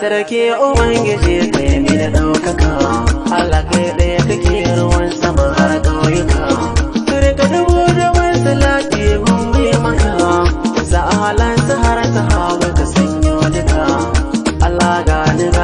sarki ubangiji kai mi da ɗaukaka Allah kai ɗaya kake ruwan sama har ƙauyuka turka dubu da wasu salati mun bi maka za a ta har ta hawa ka sanyo duka Allah ga duka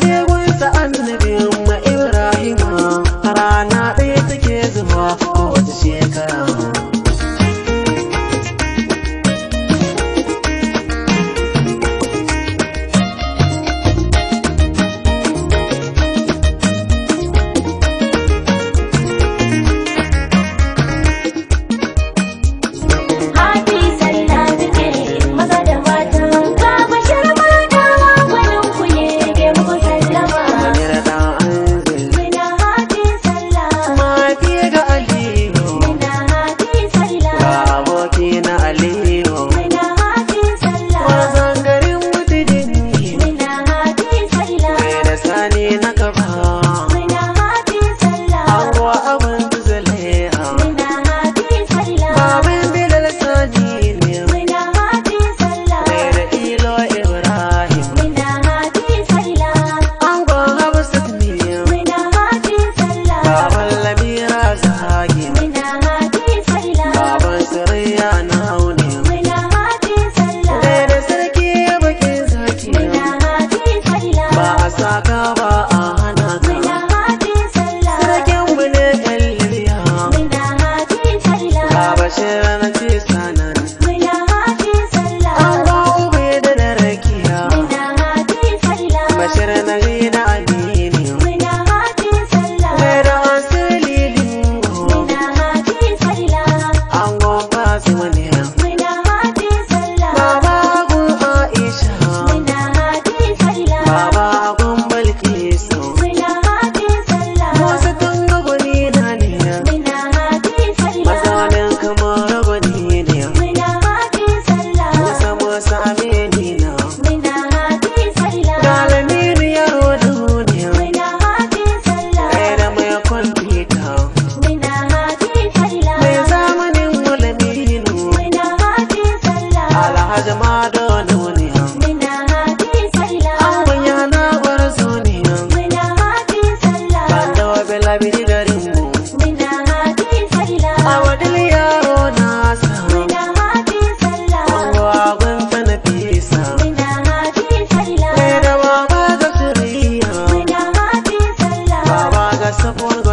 feel saka ba I've go.